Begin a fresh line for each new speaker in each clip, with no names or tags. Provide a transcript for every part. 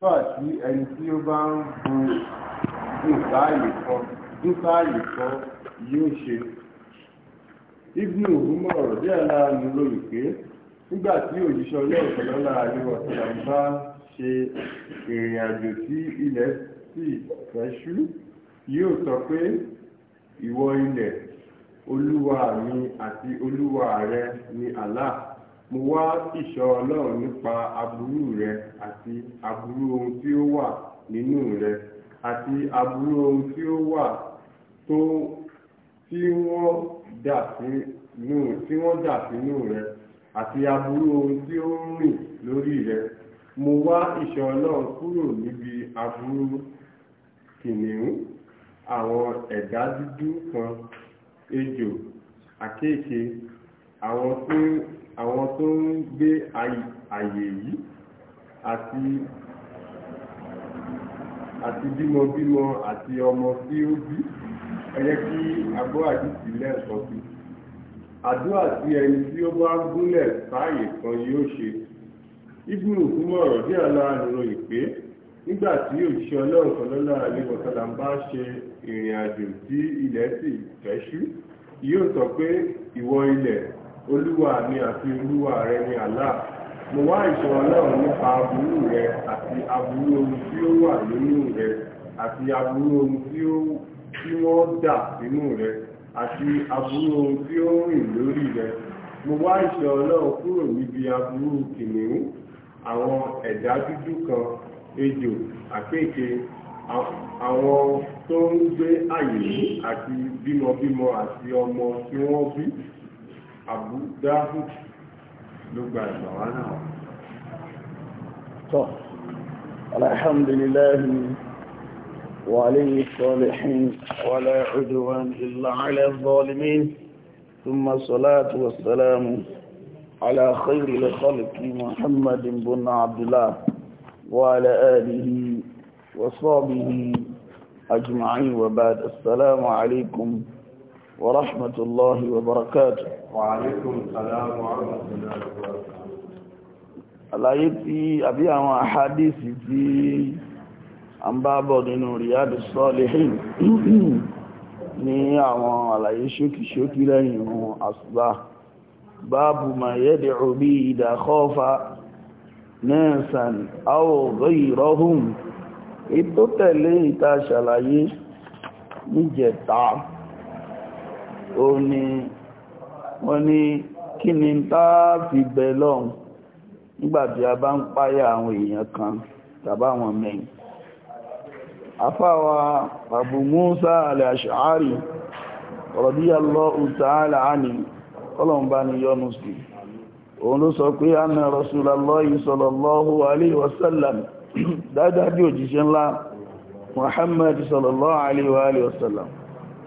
nígbà tí ẹni tí ó bá ń bu dúkáàyè kọ yóò ṣe ibnu ògúnmọ̀ ọ̀rọ̀ díẹ̀ lára ní lórí pé nígbà tí òjíṣẹ́ ọlọ́ọ̀tọ̀ lọ́la àríwọ̀ tí bá ṣe ìrìn àjò tí ilẹ̀ sì fẹ́ ṣú sọ pé ìwọ ilẹ̀ olúwa mi àti olúwa rẹ ni Allah mo wá ìṣọ́ ọlọ́run nípa aburú rẹ àti aburú ohun tí ó wà nínú rẹ àti aburú ohun tí ó wà tó tí wọ́n dà sínú tí wọ́n dà sínú rẹ àti aburú ohun tí ó ń rìn lórí rẹ mo wá ìṣọ́ ọlọ́run kúrò níbi aburú kìnìún àwọn ẹ̀dá dúdú kan ejò àkéèké àwọn tí àwọn tó ń gbé àyè yìí àti àti bímọbímọ àti ọmọ tí ó bí ẹyẹ kí agbó àdìsí lẹ́ẹ̀kan sí àdúrà tí ẹni tí ó bá gúnlẹ̀ sáàyè kan yóò ṣe ibùdó fúnmọ̀ ọ̀rọ̀ bí aláàánú ròyìn pé nígbà tí òṣìṣẹ́ ọlọ́run kan lọ́la àlébọ̀tọ́lá ń bá ṣe ìrìn àjò tí ilẹ̀ sì fẹ́ ṣú yóò sọ pé ìwọ ilẹ̀ olúwa mi àti olúwa rẹ ni Allah mo wá ìṣọ́ náà nípa aburú rẹ àti aburú ohun tí ó wà nínú rẹ àti aburú ohun tí wọ́n dà nínú rẹ àti aburú ohun tí ó rìn lórí rẹ mo wá ìṣọ́ náà kúrò níbi aburú kìnìún àwọn ẹ̀dá dúdú kan ejò àkéèké àwọn tó ń gbé àyè àti bímọbímọ àti ọmọ tí wọ́n bí. Abu Dawud
ló gba ìgbàwá náà tọ́ alhamdulillah وعليه الصالحين ولا عدوان إلا على الظالمين ثم الصلاة والسلام على خير الخلق محمد بن عبد الله وعلى آله وصحبه أجمعين وبعد السلام عليكم ورحمة الله وبركاته وعليكم السلام ورحمة الله وبركاته àlàyé tí àbí àwọn àhádìsì tí a ń bá àwọn àlàyé ṣókìṣókì lẹ́yìn ohun àṣùgbà báàbù ma yad'u bi idha khafa nasan ètò tẹ̀lé ìta ṣàlàyé ó ní wọ́n ní kí ni tá fi bẹ lọ́hùn nígbàtí a bá ń páyà àwọn èèyàn kan tàbá àwọn mẹ́yìn afáwa Abu Musa al-Ash'ari radiyallahu ta'ala anhu kọlọ̀mbá ni yọnu sí òun ló sọ pé anna rasulallahi sallallahu alaihi wasallam dájájú òjíṣẹ́ ńlá Muhammad sallallahu alaihi wasallam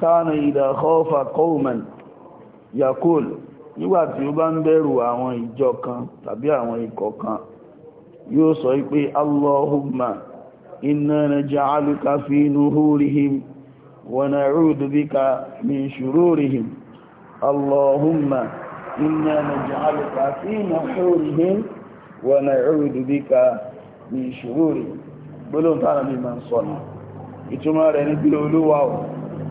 kánà ìdá kọ́ọ̀fà kọ́ọ̀mẹ̀n yakul nígbà tí ó bá ń bẹ̀rù àwọn ìjọ kan tàbí àwọn ikọ̀ kan yóò sọ pé allahumma inna naj'aluka fi nuhurihim wa na'udhu bika min shururihim allahumma inna naj'aluka fi nuhurihim wa na'udhu bika min shururihim gbólóhùn tánàbí ma ń sọ ní rẹ̀ ní bí olúwa ọ̀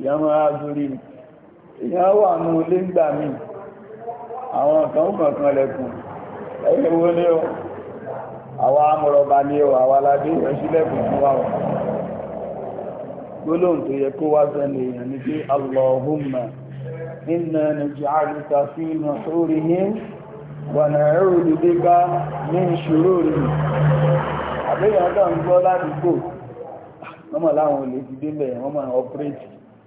ìyá máa dúrí ìyá wà ní olé ń gbà mí àwọn kan kọ̀ọ̀kan lẹ́kùn ẹgbẹ̀wó ní ọ àwọn amọ̀rọ̀bà ní ọ àwọn aládé ẹ̀ṣílẹ̀kùn fún wa gbólóhùn tó yẹ kó wá sẹ́nu èèyàn ní pé allahumma inna naj'aluka fi nusurihim wa ah, wọ́n mọ̀ láwọn olè ti délẹ̀ wọ́n mọ̀ ọpẹ́rẹ́tì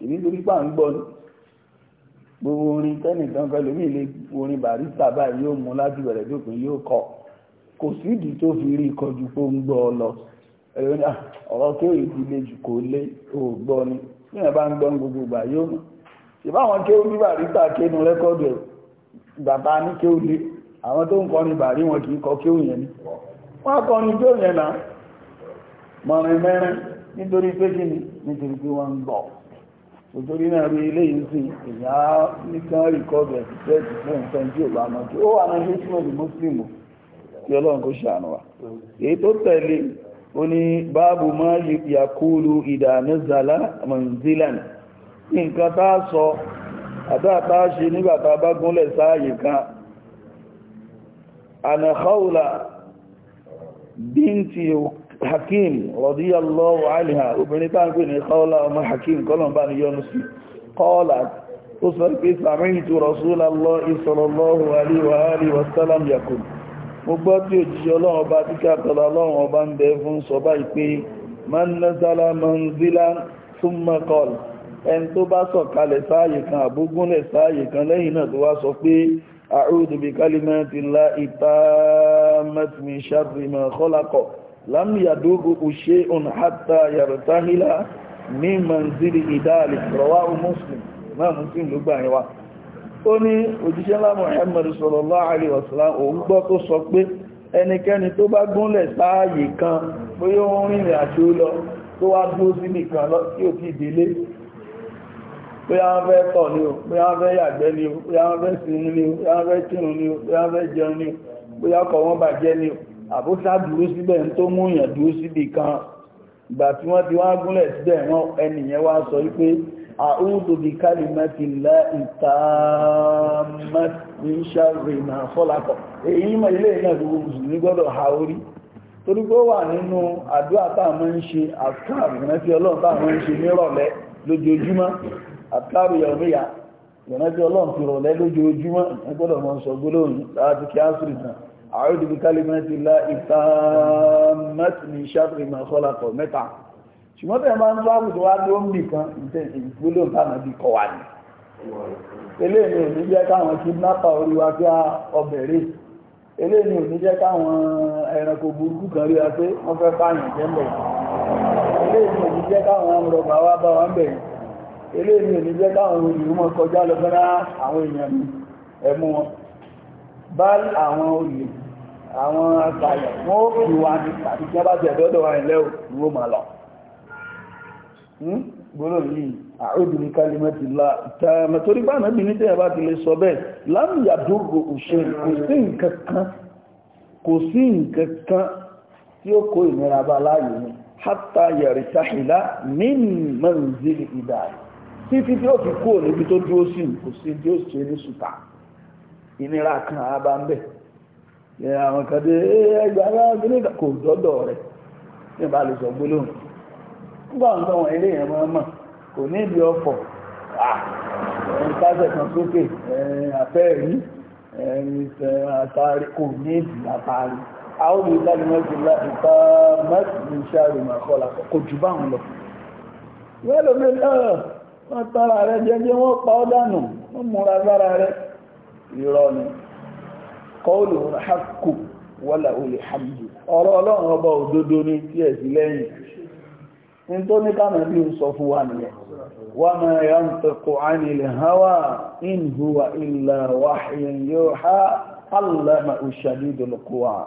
ìní lórí pà ń gbọ́ gbogbo orin tẹ́nìkan pẹ̀lú mi lè orin barista báyìí yóò mú láti bẹ̀rẹ̀ dópin yóò kọ kò sídìí tó fi rí kọjú pé ó ń gbọ́ ọ lọ ọ̀rọ̀ tó èdè lè jù kó lé òògbọ́ ni bí wọ́n bá ń gbọ́ gbogbo ìgbà yóò mú ìbá àwọn kí ó rí barista kénu rẹ́kọ́dù bàbá ní kí ó lé àwọn tó ń kọrin bàrí wọn kì í kọ kí ó yẹn ni wọ́n kọrin tó yẹn náà mọ̀rin mẹ́rin nítorí pé kí ni nítorí pé wọ́n ń gbọ́ òjòrí náà rí ilé yìí sí ìyá nìkan rìkọ́dù ẹ̀sìtẹ́ẹ̀tì fún nǹkan tí ò bá mọ́ tí ó wà ní hísmọ̀lì mùsùlùmù tí ọlọ́run kò ṣàánú wa èyí tó tẹ̀lé ó ní báàbù máa yàkúlù ìdánizàlá mọ̀nzílàn nǹkan tá a sọ àtàtà ṣe nígbà tá a bá gúnlẹ̀ sáàyè kan ànàkọ́ùlà bíntì òkú hakim radiyallahu anha obìnrin tá ń pè ní kọ́ọ́lá ọmọ hakim kọ́lọ̀mbá ni yọ́nu sí kọ́ọ́lá ó sọ pé sami'tu rasulallahi sallallahu alaihi wa alihi wa sallam yakun mo gbọ́ tí òjíṣẹ́ ọlọ́run ọba tí kàtàlá ọlọ́run ọba ń bẹ fún sọba ìpé man nazala manzilan thumma qala ẹni tó bá sọ̀kalẹ̀ sáàyè kan àbúgúnlẹ̀ sáàyè kan lẹ́yìn náà tó wá sọ pé a'udhu bi kalimati llahi tammati min sharri ma khalaqa lam yadugu shay'un hatta yartahila min manzili idali rawahu muslim náà muslim ló gbà yẹwa ó ní òjíṣẹ́ ńlá muhammad sallallahu alaihi wasallam òun gbọ́ tó sọ pé ẹnikẹ́ni tó bá gúnlẹ̀ sáàyè kan bóyá ó ń rìnrìn àjò lọ tó wá dúró sí nìkan lọ tí ti délé bóyá wọ́n fẹ́ ni o bóyá wọ́n fẹ́ ni o bóyá wọ́n fẹ́ ni o bóyá wọ́n fẹ́ ni o bóyá wọ́n fẹ́ ni o bóyá ọkọ̀ wọn ni o àbúsá dúró síbẹ̀ ń tó múyàn dúró síbì kan ìgbà tí wọ́n ti wá gúnlẹ̀ síbẹ̀ wọ́n ẹnìyẹn wá sọ wípé àúdò bí kálí mẹ́tì lẹ́ ìtààmẹ́tìṣàrìnà fọ́lákọ̀ èyí mọ̀ ilé náà gbogbo mùsùlùmí gbọ́dọ̀ ha orí torí pé ó wà nínú àdúrà táàmọ́ ń ṣe àkàrù ìrántí a'udhu bi kalimati llahi tammati min sharri ma khalaq mẹ́ta ṣùgbọ́n tẹ̀ máa ń bá àwùjọ wa ló ń nìkan دي táwọn bí kọ wà ní eléyìí ò ní jẹ́ káwọn kidnapper orí wa pé ọbẹ̀rẹ̀ eléyìí ò ní jẹ́ káwọn ẹranko burúkú kan rí wa pé wọ́n fẹ́ pààyàn jẹ́ mẹ́ eléyìí ò ní jẹ́ káwọn rọ̀bà wa bá wọn bẹ̀ eléyìí ò ní jẹ́ káwọn olùmọ̀ kọjá lọ fẹ́ra àwọn èèyàn ẹ̀mú wọn bá àwọn olè àwọn àgbàyẹ̀ wọ́n ó fi wa ní tàbí tí a bá jẹ́ ẹ̀dọ́dọ̀ wa ilẹ̀ òkú ó máa lọ hmm? gbọ́nà yìí àrùbìnrin kalimatila tààmà torí bá náà bí ní tẹ́yà bá ti lè sọ bẹ́ẹ̀ lámìyà dúró òṣè kò sí nǹkankan kò sí nǹkankan tí ó kó ìnira bá láàyè ní hátà yàrìsáhìlá ní ìnira kan àbá ń bẹ́ẹ̀ àwọn kan dé ẹgbẹ́ aláàbí ní kò dọ́dọ̀ rẹ̀ ní bá lè sọ gbólóhùn kò ní ọ̀fọ̀ wọ́n rẹ̀ wọ́n pa ọ́ wọ́n múra lára rẹ̀ ìrọ̀ ni kọ́ọ̀lù hakù wọ́là olè hamdu ọ̀rọ̀ ọlọ́run ọba òdodo ní tí ẹ̀ sí lẹ́yìn ní tó ní kánà bí ń sọ fún wa nìyẹn wà máa yà ń tẹ̀kọ̀ ánìlẹ̀ hawa in huwa illa wahyan yuha allama ushadidul quwa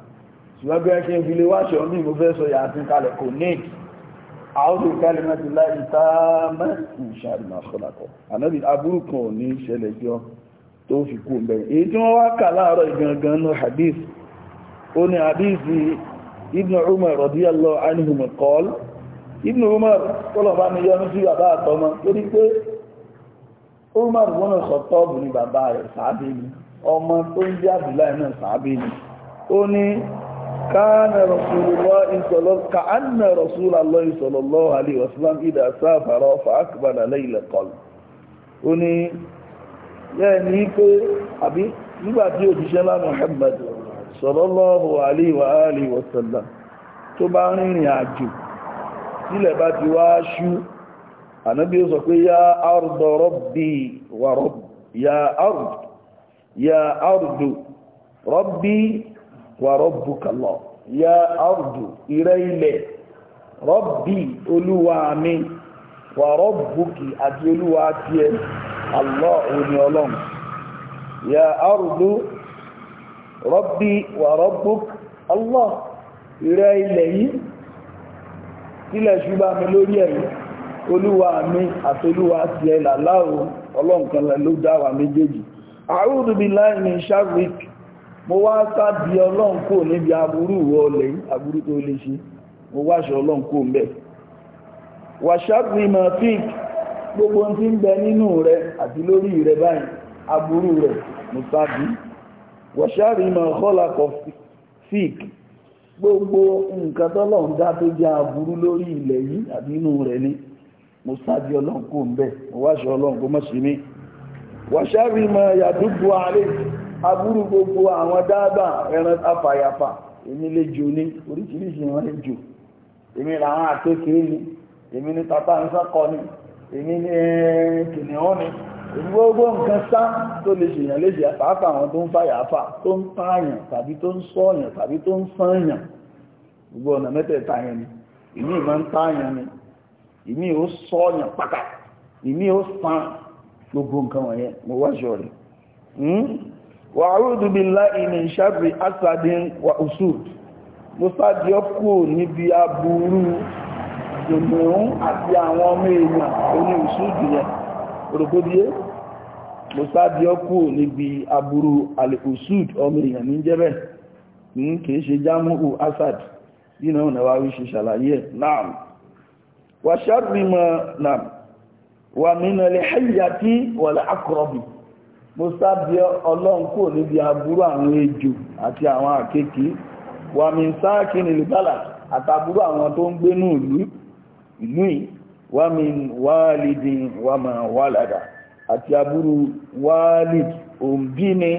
ṣùgbọ́n bí wọ́n ṣe ń fi lè wáṣọ ní mo fẹ́ sọ yàtín kalẹ̀ kò ní àwọ́dù kálímẹ́tì láì tààmà ìṣàrìmà ṣọ́làkọ̀ ànábì aburú kan ò ní ṣẹlẹ̀ jọ tó fi kú mẹ́ èyí tí wọ́n wá kà láàárọ̀ ìgangan ní hadith ó ní hadith ibn umar radiyallahu anhu qal ibn umar tọ́lọ̀ bá mi yọnu sí ó ní كان رسول الله صلى كأن رسول الله صلى الله عليه وسلم إذا سافر فأقبل ليل قلب oni yẹni pé àbí nígbàtí òjíṣẹ́ lá Muhammad sallallahu alaihi wa alihi wa sallam tó bá rìnrìn àjò sílẹ̀ bá ti wá ṣú ànábí ó sọ pé ya ardu rabbi wa rabbi ya ardu ya ardu rabbi wà rabbuka Allah ya ardu ìrẹ́ ilẹ̀ rabbi olúwa mi wà rabbuki àti olúwa tiẹ̀ Allah òní ọlọ́run ya ardu rabbi wà rabbuka Allah ìrẹ́ ilẹ̀ yìí sílẹ̀ ṣúgbà mi lórí ẹ̀yìn olúwa mi àtolúwa tiẹ̀ làláwò ọlọ́nkan ló dá wa méjèèjì a'udhu billahi min sharrik mo wá sábì ọlọ́run kò níbi agbúrú ìwọ ọlẹ̀ agbúrú tó lè ṣe mo wáṣọ ọlọ́run kò mẹ́ wàṣáàbì mafik gbogbo tí ń bẹ rẹ àti lórí rẹ báyìí rẹ mo gbogbo nǹkan dá tó jẹ́ lórí ilẹ̀ ni mo kò mẹ́ mo wáṣọ ọlọ́run kò mọ́ sí mi yàdúgbò aburú gbogbo àwọn dáadáa ẹran afàyàfà èmi lè jò ní oríṣiríṣi wọn lè jò èmi làwọn àkékeré ni èmi ní tata ń sákọ ni èmi ní kìnìún ni èmi gbogbo nǹkan sá tó lè ṣèyàn léṣe pàápàá àwọn tó ń fàyàfà tó ń pààyàn tàbí tó ń sọ̀yàn tàbí tó ń sànyàn gbogbo ọ̀nà mẹ́tẹ̀ẹ̀ta yẹn ni ìmí ìmọ̀ ń pààyàn ni ìmí ò sọ̀yàn pàkà ìmí ò sàn gbogbo nǹkan wọ̀nyẹn mo wáṣọ rẹ̀ hmm? wàhálùdù bí láì ní ṣàbí asadin wa usud mo sáàdì ọkù níbi aburú dùnmùún àti àwọn ọmọ èèyàn oní usud yẹn orògbódíé mo sáàdì ọkù níbi aburú alẹ́ ọmọ èèyàn ní jẹ́bẹ̀ hmm, kìí ṣe asad wa wíṣe ṣàlàyé náà wà mo sábí ọlọ́run kò níbi aburú àwọn ejò àti àwọn àkékì wà mí sáàkì nílùú bálà àtàbúrú àwọn tó ń gbénú ìlú ìlú yìí wà mí wálìdì wà mà wálàdà àti aburú wálìdì òǹbí ni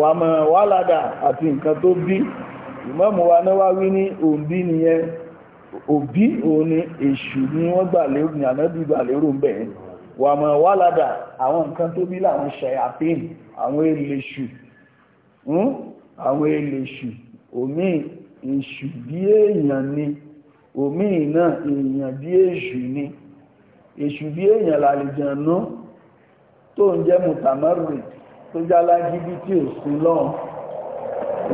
wà mà wálàdà àti nǹkan tó bí ìmọ̀mù wa náà wá wí ní òǹbí nìyẹn òbí òun ni èṣù ni wọ́n gbà lérò wà mọ̀ wáládà àwọn nǹkan tó bí láwọn ṣẹ̀yàpín àwọn èlèṣù hmm? àwọn èlèṣù omi èṣù bí èèyàn ni omi náà èèyàn bí èṣù ni èṣù bí èèyàn làlìjànú tó ń jẹ́ mùtàmọ́rì tó jálá gidi tí ò sí lọ́n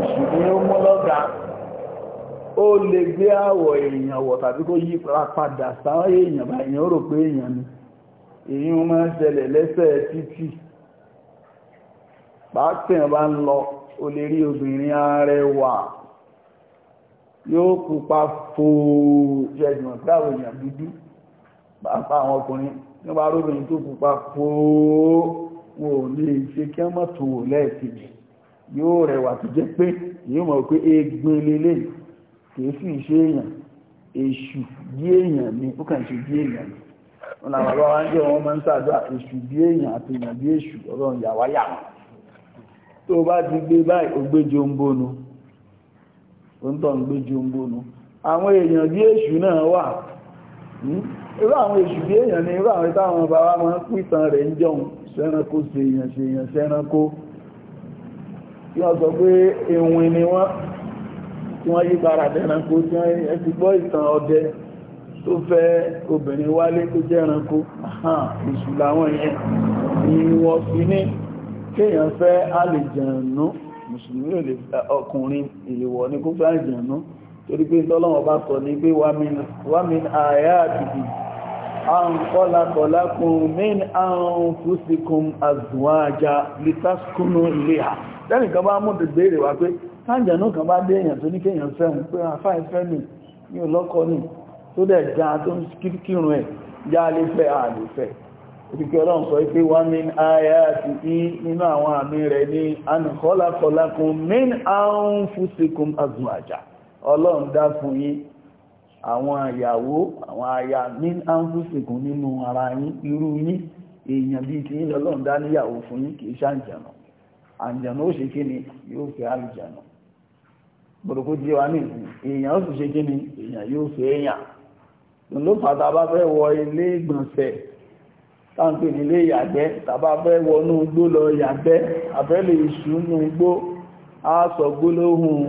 èṣù ni ó mú lọ́gá ó lè gbé àwọ̀ èèyàn wọ̀ tàbí kó yí padà sáwọn èèyàn báyìí ó rò pé èèyàn ni èyí wọ́n máa ń ṣẹlẹ̀ lẹ́sẹ̀ títì pàápàá bá ń lọ o lè rí obìnrin arẹwà yóò pupa fòó jẹ́gbọ̀n táwọn èèyàn dúdú pàápàá àwọn ọkùnrin nípa arúbìnrin tó pupa fòó wọn ò lè ṣe kí wọ́n mọ̀tò lẹ́ẹ̀kejì yóò rẹwà tó jẹ́ pé yóò mọ̀ pé egbin lélẹ̀ kìí sì ṣe èèyàn èṣù bí èèyàn ni ó kàn ṣe bí èèyàn ni wọn làwọn bá wọn jẹ́ wọn máa ń sàdúrà èṣù bí èèyàn àti èèyàn bí èṣù ọlọ́run yàwá yàwá tó bá ti gbé báyìí ó gbé jombonu ó ń tọ́ ń gbé jombonu àwọn èèyàn bí èṣù náà wà hmm? irú àwọn èṣù bí èèyàn ni irú àwọn táwọn bàbá wọn pìtàn rẹ̀ ń jọun sẹ́ranko ṣe èèyàn ṣe èèyàn sẹ́ranko tí wọ́n sọ pé ìwìn ni wọ́n tí wọ́n yí padà sẹ́ranko tí wọ́n ti gbọ́ ìtàn ọdẹ tó fẹ́ obìnrin wálé tó jẹ́ ẹranko ìṣù làwọn yẹn ni wọ́n fi ní kéèyàn fẹ́ àlèjànú mùsùlùmí ò lè ọkùnrin ìlèwọ̀ ní kó fẹ́ àlèjànú torí pé tọ́lọ́wọ́ bá sọ ní pé wàmín àyà àtìdì àǹkọ́lákọ̀lákùn mín àrùn fúsìkùn àzùwájá ni ilé à lẹ́nìkan bá mú bèèrè wá pé tó dẹ̀ já tó ń kírun ẹ̀ já lè fẹ́ ààlè fẹ́ ìpìkẹ́ ọlọ́run sọ pé wá ní ayáti ní nínú àwọn àmì rẹ̀ ní anìkọ́lákọ́lákún min àwọn fúsikún azùmájà ọlọ́run dá fún yín àwọn ìyàwó àwọn aya min àwọn fúsikún nínú ara yín irú yín èèyàn bíi ti yín dá níyàwó fún yín kìí ṣàǹjànà àǹjànà ó ni yóò fẹ́ àlùjànà wa ní ìsìn èèyàn ni èèyàn yóò ló fàtà bá fẹ́ wọ ilé ìgbọ̀nsẹ̀ táǹpì nílé ìyàgbẹ́ tàbá fẹ́ wọnú igbó lọ ìyàgbẹ́ àfẹ́lẹ̀ ìṣúnú igbó a sọ gbólóhùn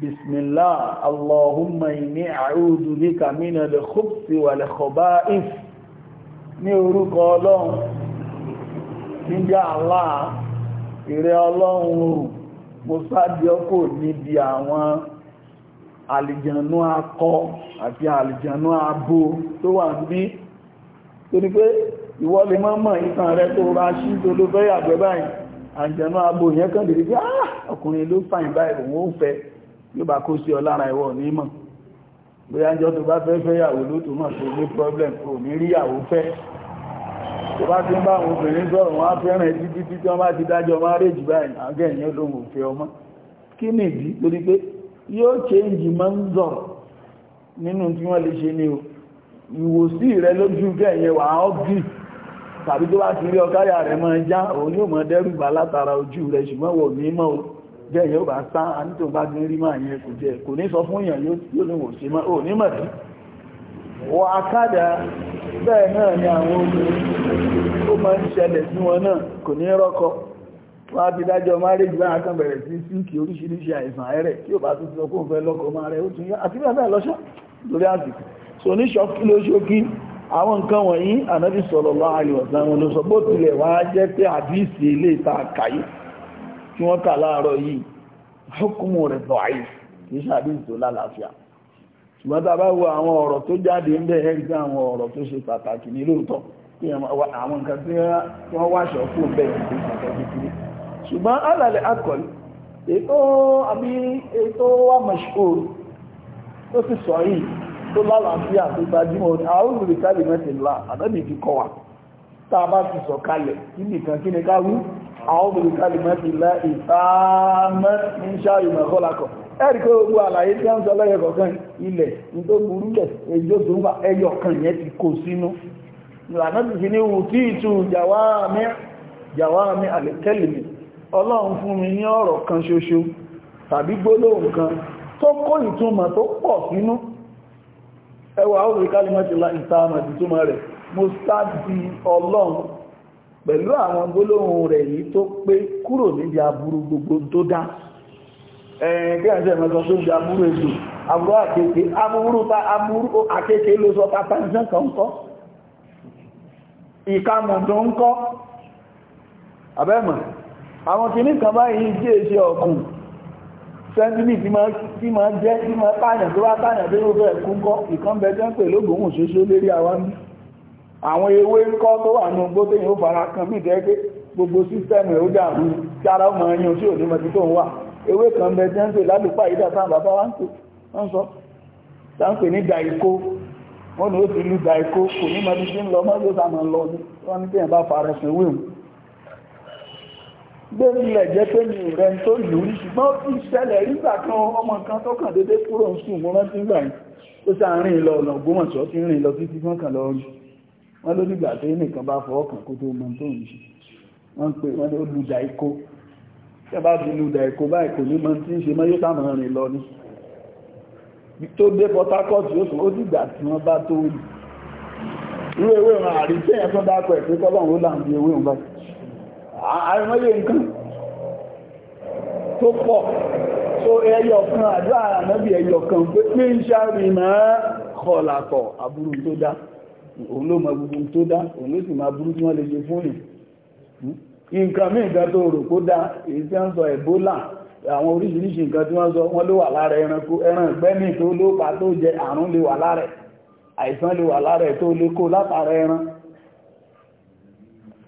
bismillah allahumma inni a'udhu bika minal khubthi wal khaba'ith ní orúkọ ọlọ́run níjẹ́ Allah ọlọ́run àlìjànú akọ àti àlìjànú abo tó wà níbí tó ní pé ìwọ lè mọ́ mọ̀ ìtàn rẹ tó bá ṣí tó ló fẹ́ yàgbẹ́ báyìí àjẹ̀nú abo yẹn kàn dìrí pé ah ọkùnrin ló fàyìn báyìí òun ó fẹ́ yóò bá kó sí ọ lára ìwọ onímọ̀ bóyá jọ tó bá fẹ́ fẹ́ yàwó ló tó mọ̀ tó ní problem kò ní rí yàwó fẹ́ tó bá ti ń bá àwọn obìnrin sọ̀rọ̀ wọn á fẹ́ràn ẹ títí tí wọ́n bá ti dájọ́ máa rèjì báyìí àgẹ́yìn olóhùn òfin ọmọ kí nìdí torí pé yóò ń manzor nínú tí wọ́n lè ṣe ní ìwòsí rẹ lójú kẹ́yẹ wà tàbí tó bá ti rí ọkáyà rẹ máa já òun yóò mọ̀ dẹ́rùbà látara ojú rẹ ṣùgbọ́n wọ̀ ní mọ́ bá sá bá ti rí máa kò kò ní sọ fún èèyàn yóò ní wòsí mọ́ ní wọ akádà bẹ́ẹ̀ náà ni àwọn obìnrin tó máa ń ṣẹlẹ̀ sí wọn wọ́n á ti dájọ́ márèjì bá àkàn bẹ̀rẹ̀ sí síkì oríṣiríṣi àìsàn ẹ̀rẹ̀ tí ó bá tún sọ fún fẹ́ lọ́kọ máa rẹ̀ ó tún yá àti bẹ́ẹ̀ bẹ́ẹ̀ lọ́ṣọ́ lórí àsìkò so ní ṣọ́kí ló ṣókí àwọn nǹkan wọ̀nyí ànábì sallallahu alaihi wasallam ló sọ bó tilẹ̀ wá jẹ́ pé àdíìsì ilé ìta àkàyè tí wọ́n kà láàárọ̀ yìí hukumu rẹ̀ bọ̀ àyè kì í ṣàdíìsì tó lálàáfíà ṣùgbọ́n tá a bá wo àwọn ọ̀rọ̀ tó jáde ń bẹ̀ ẹ́rí sí àwọn ọ̀rọ̀ tó ṣe pàtàkì ní lóòótọ́ àwọn nǹkan tí wọ́n wáṣọ fún bẹ́ẹ̀ ní pàtàkì ṣùgbọ́n alàlẹ̀ akọ̀lù ètò àbí ètò wà mọ̀ṣòrò tó ti sọ yìí tó lálàáfíà tó gbajúmọ̀ àwọn olùrìkálì mẹ́tìlá àdẹ́bì fi kọwà tàà bá ti sọ kalẹ̀ nìkan kí ni káwú àwọn olùrìkálì mẹ́tìlá ìtààmẹ́ ní ṣáàrì mẹ́kọ́lákọ̀ ẹ̀rí pé gbogbo àlàyé tí a ń sọ lẹ́yẹ̀ kọ̀ọ̀kan ilẹ̀ ní tó burú lẹ̀ èjò tó ọlọ́run fún mi ní ọ̀rọ̀ kan ṣoṣo tàbí gbólóhùn kan tó kó ìtumọ̀ tó pọ̀ sínú ẹwà orí kálímọ́tìlá ìtààmà ìtumọ̀ rẹ̀ mo sáàdì ọlọ́run pẹ̀lú àwọn gbólóhùn rẹ̀ yìí tó pé kúrò níbi aburú gbogbo tó dá àwọn kìíní kan báyìí tí è ṣe ọ̀kùn sẹ́ntìmì tí ma jẹ́ tí ma pààyàn tó bá pààyàn tó rúfẹ́ ẹ̀kúnkọ́ ìkan bẹ̀jẹ́ ń pè lógòhùn ṣoṣo lérí àwọn ní àwọn ewé ń kọ́ tó wà ní ogbó tó yíó fara kan bí ìdẹ́gbé gbogbo sísẹ́mù ẹ̀ ó dàrú tí ara ọmọ ẹyàn tí ò ní mọ̀tí tó ń wà ewé kan bẹ̀jẹ́ ń pè lálùpà ìdá sáà bàbá wa ń sọ tá ń pè ní dàíkó wọn ni ó gbẹ́rìnlẹ̀ jẹ́ pé mi ò rẹ̀ tó lù rí ṣùgbọ́n ó fi ṣẹlẹ̀ rígbà kan ọmọ kan tó kàn dédé kúrò ń sùn wọ́n rántí gbà yìí ó sá rìn lọ ọ̀nà Ògbómọ̀ṣọ́ tí rìn lọ títí kan kan lọ rí wọ́n ló nígbà tó nìkan bá fọwọ́ kàn kó tó mọ tó ń ṣe wọ́n pè wọ́n ló lu dàíkó tí a bá fi lu dàíkó báyìí kò ní mọ tí ń ṣe mọ́ yóò sàmọ́ rìn lọ ní tó dé Port Harcourt yóò sùn ó dìgbà tí wọ́n bá tó rí ewé wọn àrí tó dákọ̀ ẹ̀ pé kọ́lọ́run àrẹ̀mọ́yé nǹkan tó pọ̀ tó ẹyọ kan àjọ àrànàbì ẹyọ kan pé pé ń ṣàrì máa kọlàkọ̀ àbúrú tó dá òun ló ma gbogbo tó dá òun ló sì máa burú tí wọ́n lè ṣe fún yìí nǹkan mí nǹkan tó rò kó dá èyí tí wọ́n sọ Ebola àwọn oríṣiríṣi nǹkan tí wọ́n sọ wọ́n ló wà lára ẹranko ẹran ìgbẹ́mì tó ló pa tó jẹ àrùn lè wà lára àìsàn lè wà lára tó lè kó látara ẹran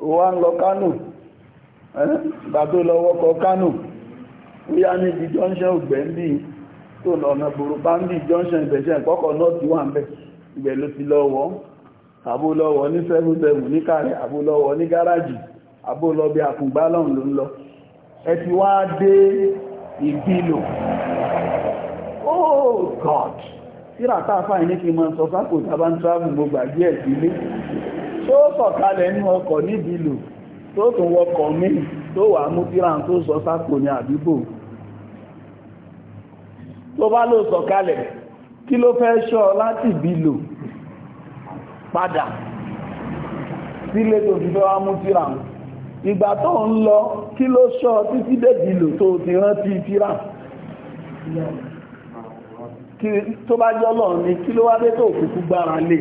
ó wá ń lọ kánò ìgbà tó lọ wọ́kọ̀ kánò ó yá níbi junction ògbẹ́ndì tó lọ ọ̀nà burúkú ní junction ìbẹ̀ṣẹ̀ ìpọ́kọ̀ náà ti wà ń bẹ̀ ibẹ̀ ló ti lọ́wọ́ àbólọ́wọ́ ní 77 ní kàrẹ̀ àbólọ́wọ́ ní gáràjì àbólọ́bí àkùngbálọ̀n ló ń lọ ẹ ti wá dé ìbílò oh god síra táàfà ní kí mọ́ sọ sápò tàbá ń travel gbogbo àgbé ẹ̀ sílé tó sọ̀kalẹ̀ nínú ọkọ̀ níbi ìlú tó tún wọkọ̀ míì tó wà mú tíra tó sọ sápò ní àdúgbò tó bá ló sọ̀kalẹ̀ kí ló fẹ́ ṣọ́ láti bí lò padà sílé tó fi fẹ́ wá mú tíra ìgbà tó ń lọ kí ló ṣọ́ títí dèjì lò tó ti rántí tíra tó bá jọ́ lọ ní kí ló wá dé tó kúkú gbára lé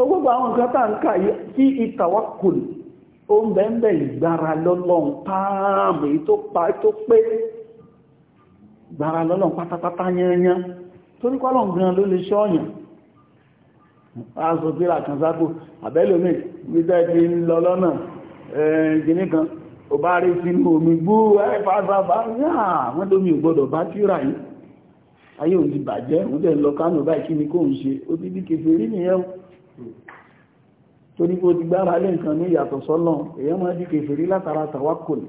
so gbogbo àwọn nǹkan tá ń kà sí ìtàwákùn ó ń bẹ̀ẹ̀bẹ̀ ìgbára lọ́lọ́run páàmù tó pé gbára lọ́lọ́run pátápátá yẹnyẹn torí kọ́lọ̀ gan ló lè ṣọ́ọ̀yàn aṣòfíra kan sápò àbẹ́lòmí gbígbẹ́ ti ń lọ lọ́nà ìgbìní kan ò bá rí sínú omi gbú ẹ́fàáfàá wọ́n ayé òun ti bàjẹ́ òun tẹ́ lọ kánò báyìí kí ni kóhun ṣe ó ti bí kèfèrí nìyẹn torí kó ti gbára lé nǹkan ní ìyàtọ̀ sọ́lọ́ èyàn máa di kèfèrí látara tàwákùlù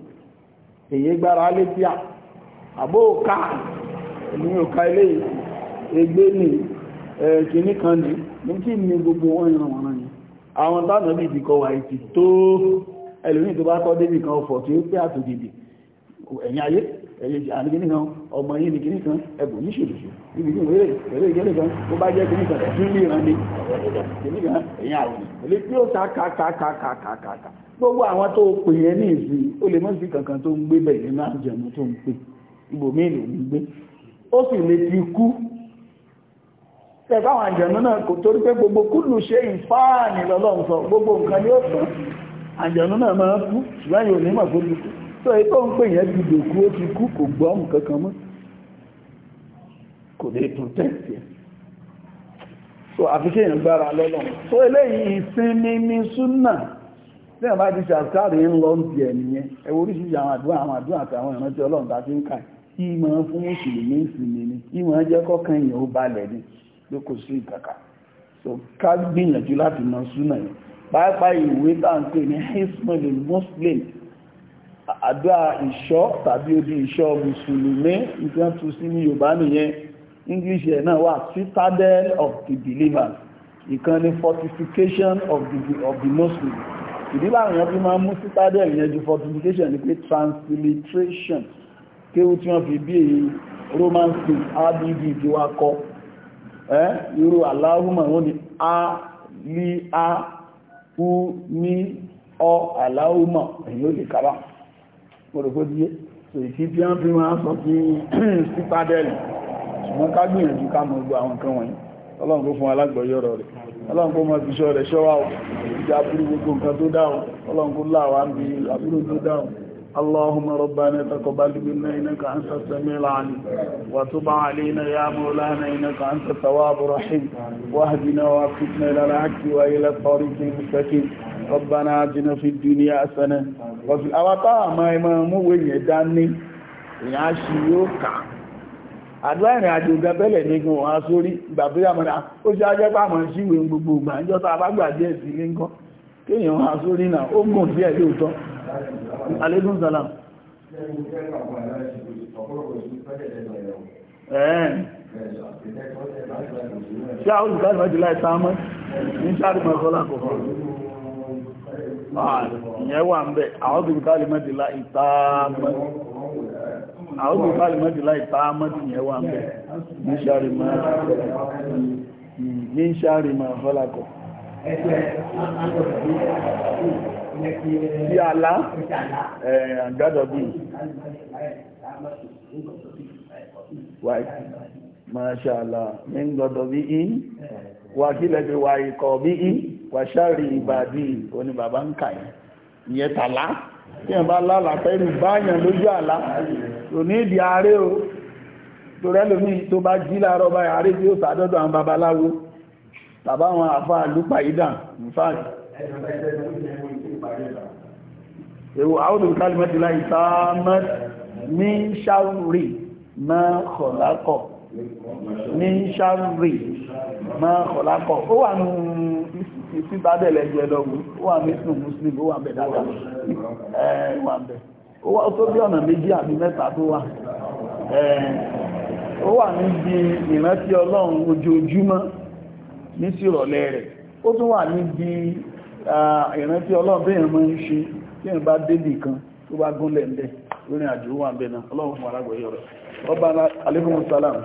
èyí gbára lé bí àbó òká ní òká ilé ẹgbẹ́ ní ẹ̀kìní kan ní ní kí ní gbogbo wọn ìrànwọ̀n ni àwọn tánà bí ìdíkọ wà ìtì tó ẹlòmí tó bá kọ́ débì kan ọ̀fọ̀ tí ó pé àtòdìdì ẹ̀yìn ayé ẹ̀yẹ jẹ́ ọmọ kan gbogbo àwọn tó pè yẹn ní ìsìn kankan tó ń gbé tó ń pè ń gbé ó sì lè ti torí pé gbogbo kúlù ṣe ìfáàní lọ́lọ́run gbogbo nǹkan ni sọ àjẹ̀nú náà máa kú ṣùgbọ́n yóò ní so ètò ń pè yẹn ti dòkú ó ti kú kò gbọ́ nǹkan kan mọ́ kò lè protect yẹn so àfikẹ́ yẹn gbára lọ́lọ́ so eléyìí ìsinmi ní súnà tí ẹ̀ bá ti ṣàkárì ń lọ ti ẹ̀ nìyẹn ẹwọ oríṣiríṣi àwọn àdúrà àwọn àdúrà àtàwọn ìrántí ọlọ́run tá fi ń kà ìmọ̀ fún mùsùlùmí ìsinmi ni ìmọ̀ jẹ́ kọ́kàn yẹn ó balẹ̀ ni ló kò sí ìkàkà so ká gbìyànjú láti mọ súnà yẹn pàápàá ìwé tá à ń pè ní hismul muslim àdúrà ìṣọ́ tàbí odi ìṣọ́ mùsùlùmí ìfẹ́ tún sí ní yorùbá nìyẹn english ẹ̀ náà wà citadel of the believers ìkan ni fortification of the, of the muslim ìdí láwọn èèyàn fi máa mú citadel yẹn ju fortification ni pé transliteration kéwú tí wọ́n fi bí èyí roman state rbd tí wá kọ́ ẹ́ irú aláhùmọ̀ wọ́n ni a lí a u ní ọ aláhùmọ̀ èyí ó lè kábàá pòrògbódíyé so ìtí tí wọ́n fi máa sọ sí sípádẹ́lì ṣùgbọ́n ká gbìyànjú ká mọ̀ gbọ́ àwọn nǹkan wọ̀nyí ọlọ́run kó fún alágbọ̀yọ́rọ̀ rẹ̀ ọlọ́run kó mọ̀ fi ṣọ́ rẹ̀ ṣọ́wá ìjà burú gbogbo nǹkan tó dáhùn ọlọ́run kó láwàá bí àbúrò tó dáhùn اللهم ربنا تقبل منا إنك أنت السميع العليم وتب علينا يا مولانا إنك أنت التواب الرحيم واهدنا وافتنا إلى العدل وإلى الطريق المستقيم ربنا آتنا في الدنيا حسنة وفي الآخرة ما إمام وين داني يا àdúrà ìrìn àjò gẹ́bẹ́lẹ̀ ní gan wọ́n sórí ìgbàbí ó ṣe ajẹ́ gbogbo ìgbà ìjọta sórí náà ó gùn lóòótọ́ alaikun salam
ṣe àwọn ìgbà ìrọ̀jù láì sáàmọ́ ní sáàrì mọ́ sọ́lá kò fún ah, ìyẹn wà ń bẹ
àwọn ìgbà ìmọ̀dìlá ìtààmọ́ àwọn ìgbà ìmọ̀dìlá ìtààmọ́ ti yẹn wà ń bẹ ní sáàrì mọ́ sí àlá àgbàdo bíi maṣàlá ní gbọdọ̀ bí i wà kí lẹ́bí wà ikọ̀ bí i wà ṣáàrí ìbàdí oní bàbá ń kà yẹn ìyẹn tàlá tí ẹ̀bá lálà pẹ̀lú báyàn lójú àlá tó ní ìdí ààrẹ o tó rẹ́lómi tó bá jí láàárọ̀ bá ààrẹ tí ó sàdọ́dọ̀ àwọn babaláwo tàbáwọn àfáà lúpàá ìdàn in fact ewu àwọn olùkálùmọ́tí láì sáàmọ́ ní ṣàrì mọ́ kọ̀lákọ̀ ní ṣàrì mọ́ kọ̀lákọ̀ ó wà ní ìsìtàbẹ̀lẹ̀ jẹ́ lọ́wọ́ ó wà ní ìsìn muslim ó wà bẹ̀ dáadáa ó wà tó bí ọ̀nà méjì àbí mẹ́ta tó wà ó wà níbi ìrántí ọlọ́run ojoojúmọ́ ní sí rẹ̀ ó tún wà níbi ìrántí ọlọ́run bí ìrìnmọ́ ń ṣe tí ìrìn bá débì kan tó bá gúnlẹ̀ ń bẹ̀ lórí àjò wà ń bẹ̀ náà ọlọ́run fún alágbẹ̀yọ rẹ̀ ọba alaikum salam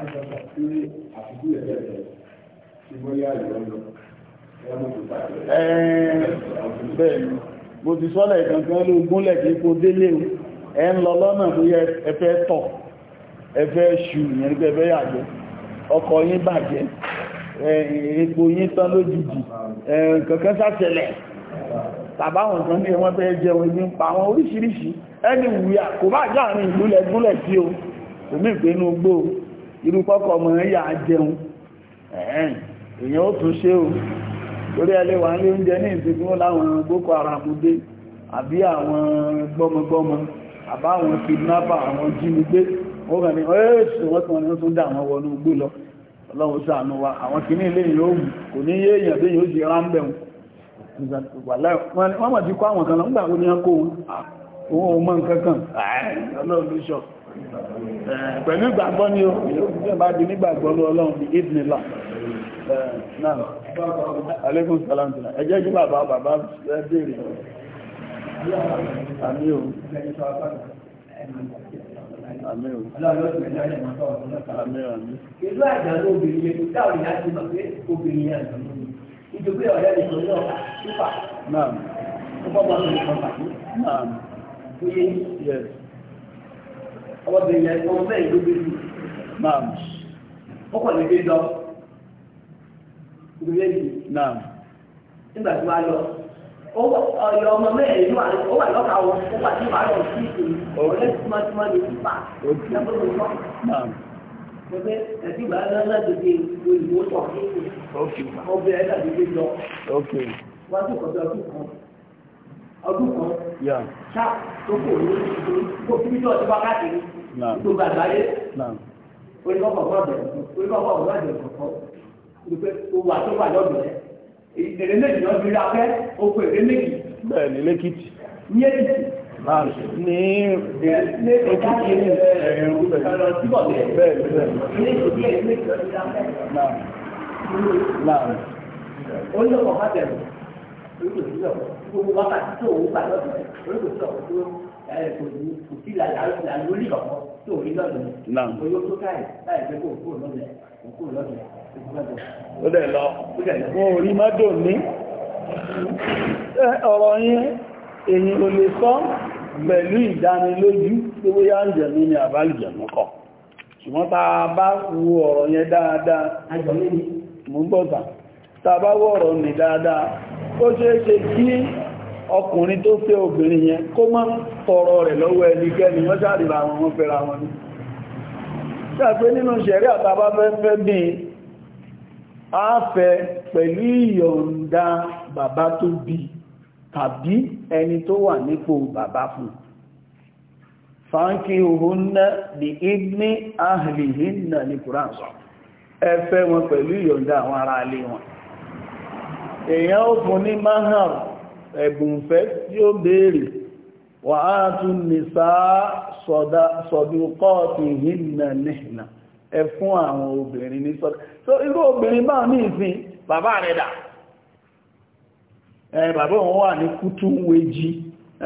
bẹ́ẹ̀ni mo ti sọ́lẹ̀ kankan ló gúnlẹ̀ kí kó délé ẹ ń lọ lọ́nà tó yẹ ẹfẹ́ tọ̀ ẹfẹ́ ṣù ìyẹn nígbẹ́ ẹfẹ́ yàgbẹ́ ọkọ̀ yín bàjẹ́ epo yín tán lójijì kankan sàtẹ̀lẹ̀ tàbáwọn kan ní wọ́n fẹ́ jẹun ibi ń pa wọn oríṣiríṣi ẹni wùyà kò bá jáàrin ìlú lẹ́gúnlẹ̀ sí o kò mí ìpinnu gbó irú kọ́kọ́ ọmọ ẹ̀yà jẹun ẹ̀ẹ́n èèyàn ó tún ṣe o torí ẹlẹ́wà ń lé oúnjẹ ní ìsìnkú láwọn Boko Haram dé àbí àwọn gbọ́mọgbọ́mọ àbáwọn kidnapper àwọn jínigbé wọ́n kàn ní ẹ́ẹ̀ṣì wọ́n tún ní tún dá àwọn wọnú gbó lọ ọlọ́run ṣàánú wa àwọn kìíní ilé yìí ó wù kò ní yé èèyàn bí yóò ṣe ráńbẹ̀wọ̀n wọ́n mọ̀ ti kọ́ àwọn kan lọ́gbà ó ní ọkọ̀ ohun ọmọ nǹkankan ọlọ́ọ̀lọ́ṣọ́
pẹ̀lú ìgbàgbọ́ ni ó
bá di nígbàgbọ́ lọ́ọ̀lọ́run bí ìdínlá náà alẹ́kùn sàlámtìlá ẹjẹ́ jí bàbá bàbá bèèrè àmì ò àmì ò àmì ò àmì ìdòkú ọ̀rẹ́ mi sọ̀rọ̀ náà sífà ọgbọ́gbọ́n kan pàdé oyé ọmọbìnrin yẹn ọmọ bẹ́ẹ̀ ló lọ yìí tí lọ ọmọ mẹ́rin ló wà wọn ó wà sí ọ̀rẹ́ Ọbẹ̀ ẹ̀dìgbà aládàgbé olùwò tọ̀ ọbẹ̀ ẹ̀dàgbé lọ. Wọ́n tún kọjá ọdún kan. Ọdún kan. Ṣá tó kò ní kó kíbi tó ọtí wákàtí tó gbà láyé. Oníkọ̀kọ̀ ọ̀gbọ́dọ̀ oníkọ̀kọ̀ ọ̀gbọ́dọ̀ kọ̀kọ̀. Olùpẹ̀ owó àtọ́gbà lọ́dọ̀ rẹ̀. Èrè méjì lọ́dún rí afẹ́, oko èrè méjì. Bẹ́ẹ̀ni, lẹ́kìtì. Ní Èkìtì ní ọ̀rọ̀ yín, èyí ò lè sọ pẹ̀lú ìdánilójú ó yá ń ní ni àbálìjẹ̀mú kọ̀ ṣùgbọ́n tá bá wo ọ̀rọ̀ yẹn dáadáa mú bá wo ọ̀rọ̀ ní dáadáa ó ṣe é ṣe kí ọkùnrin tó fẹ́ obìnrin yẹn kó má tọrọ rẹ̀ lọ́wọ́ ẹnikẹ́ni tàbí ẹni tó wà nípò bàbá fún fáńkì òhúnná di ibni ahìlìhìnnà ní kùrán sọ ẹ fẹ́ wọn pẹ̀lú ìyọ̀ǹda àwọn ará ilé wọn èèyàn ó fún ní mahar ẹ̀bùnfẹ́ tí ó béèrè wà á tún ní sáà sọ̀dúkọ́ ti hìnnà so irú obìnrin báwọn ní ìsìn bàbá bàbá òun wà ní kútúnwéjì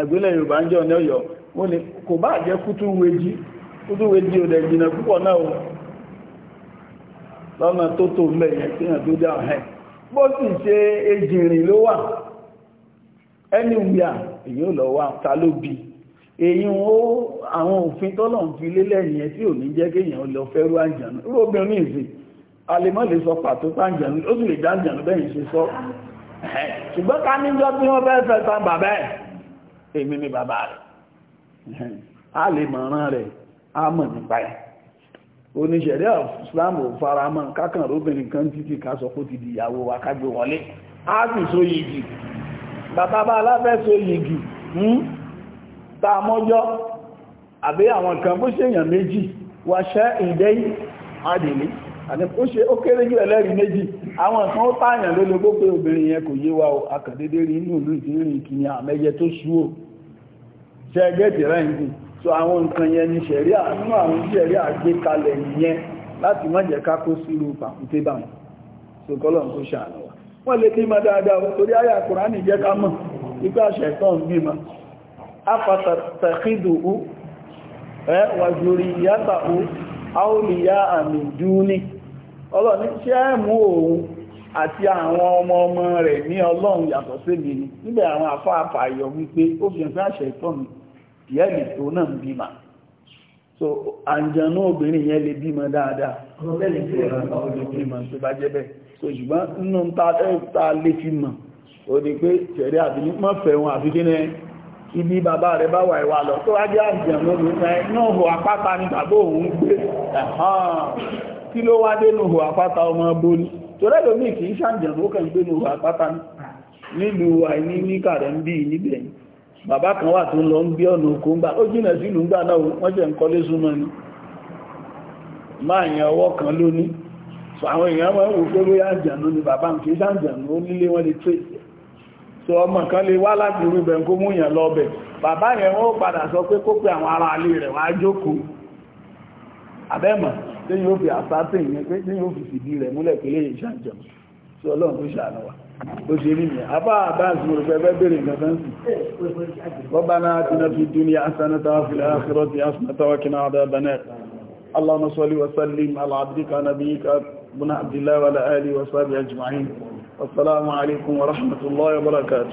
ẹgbẹ́lẹ̀ yorùbá ń jọ ní ọ̀yọ́ wọ́n ni kò bá jẹ́ kútúnwéjì kútúnwéjì ò dẹ̀ púpọ̀ náà o lọ́nà tó tó mẹ́yẹn tí yàn tó dá ọ̀hẹ́ bó sì ṣe ejìnrìn ló wà ẹni wíà èyí ò lọ wá ta ló bi èyí ó àwọn òfin tọ́lọ̀ ń fi lélẹ̀ yẹn tí ò ní jẹ́ kéèyàn lọ fẹ́rú àjànú rú obìnrin ìsìn a lè mọ́ lè sọ pàtó pàjànú ó sì lè dá àjànú bẹ́yìn ṣe sọ ṣùgbọ́n ká níjọ́ tí wọ́n fẹ́ fẹ́ tán bàbá ẹ̀ èmi ni bàbá rẹ̀ a lè mọ̀ràn rẹ̀ a mọ̀ nípa ẹ̀ oníṣẹ̀rẹ́ ìsìláàmù faramọ́ kákan róbìnrin kan títí ká sọ pé ti di ìyàwó wa ká gbé wọlé a sì so yìgì bàbá bá aláfẹ́ so yìgì hmm? ta mọ́jọ́ àbí àwọn kan bó ṣe èèyàn méjì wàṣẹ́ ìdẹ́yìn adìní àti ó kéré jù ẹlẹ́rìí méjì àwọn kan ó pààyàn ló lógbó pé obìnrin yẹn kò yé wa o akàdédé rí inú ìlú ìtìrìn ìkìyàn àmẹ́yẹ tó sú o ṣẹ́gẹ́tì rẹ̀ǹdì so àwọn nǹkan yẹn ni ṣẹ̀rí àánú àwọn ṣẹ̀rí àgbékalẹ̀ yẹn láti má jẹ́ ká kó sírú pàkúté bá wọn so kọ́lọ̀ kó ṣàánú wa wọ́n lè kí mọ́ dáadáa torí àyà Kùránì jẹ́ ká mọ̀ ipá ṣẹ̀tàn bímọ afatakhiduhu wa zuriyatahu awliya min duni ọlọ́ni ṣẹ́ mú òun àti àwọn ọmọ ọmọ rẹ̀ ní ọlọ́run yàtọ̀ sébi ni níbẹ̀ àwọn afáàfà yọ wípé ó fi hàn sáṣẹ ìtọ́ mi díẹ̀ lè tó náà ń bímọ so àǹjànú obìnrin yẹn lè bímọ dáadáa lè bímọ tó bá jẹ́ bẹ́ẹ̀ so ṣùgbọ́n nínú ta lè fi mọ̀ ó ní pé tẹ̀rí àti ní mọ́fẹ́ wọn àfi kí ibi bàbá rẹ̀ bá wà ìwà lọ tó wá jẹ́ àǹjànú obìnrin náà hù apáta ní tàbí òun gbé torí ẹlòmí kì í ṣàǹjẹ̀lú ó kàn gbé ní òwà pátá ah. nílùú àìní ní kàrẹ̀ ń bí níbẹ̀ bàbá kan wà tó ń lọ ń gbé ọ̀nà òkú ńgbà ó jìnà sí ìlú ńgbà náà wọ́n jẹ́ ń kọ́lé súnmọ́ ni máa yẹn ọwọ́ kan lóní so àwọn èèyàn máa ń wò pé bóyá àjànú ni bàbá ń kì í ó nílé wọ́n lè tẹ́ so ọmọ kan lè wá láti irú ibẹ̀ kó mú yẹn lọ bẹ̀ bàbá yẹn wọ́n padà sọ pé kó pe àwọn ará ilé rẹ̀ wá jókòó abẹ́mọ̀ tí yóò fi àsátìn yẹn pé tí yóò fi fìdí rẹ̀ múlẹ̀ pé lè ṣàjọ sí ọlọ́run tó ṣàánú wa ó ṣe rí yẹn apá àbáàsì mo rò pé ẹgbẹ́ bèrè nǹkan kan sí bọ́bá náà ti náà fi dúnìyà asánátà fìlà àkírọ́tì asánátà wákìnà àdábánẹ́ اللهم صل وسلم على عبدك نبيك ابن عبد الله وعلى اله وصحبه اجمعين والسلام عليكم ورحمه الله وبركاته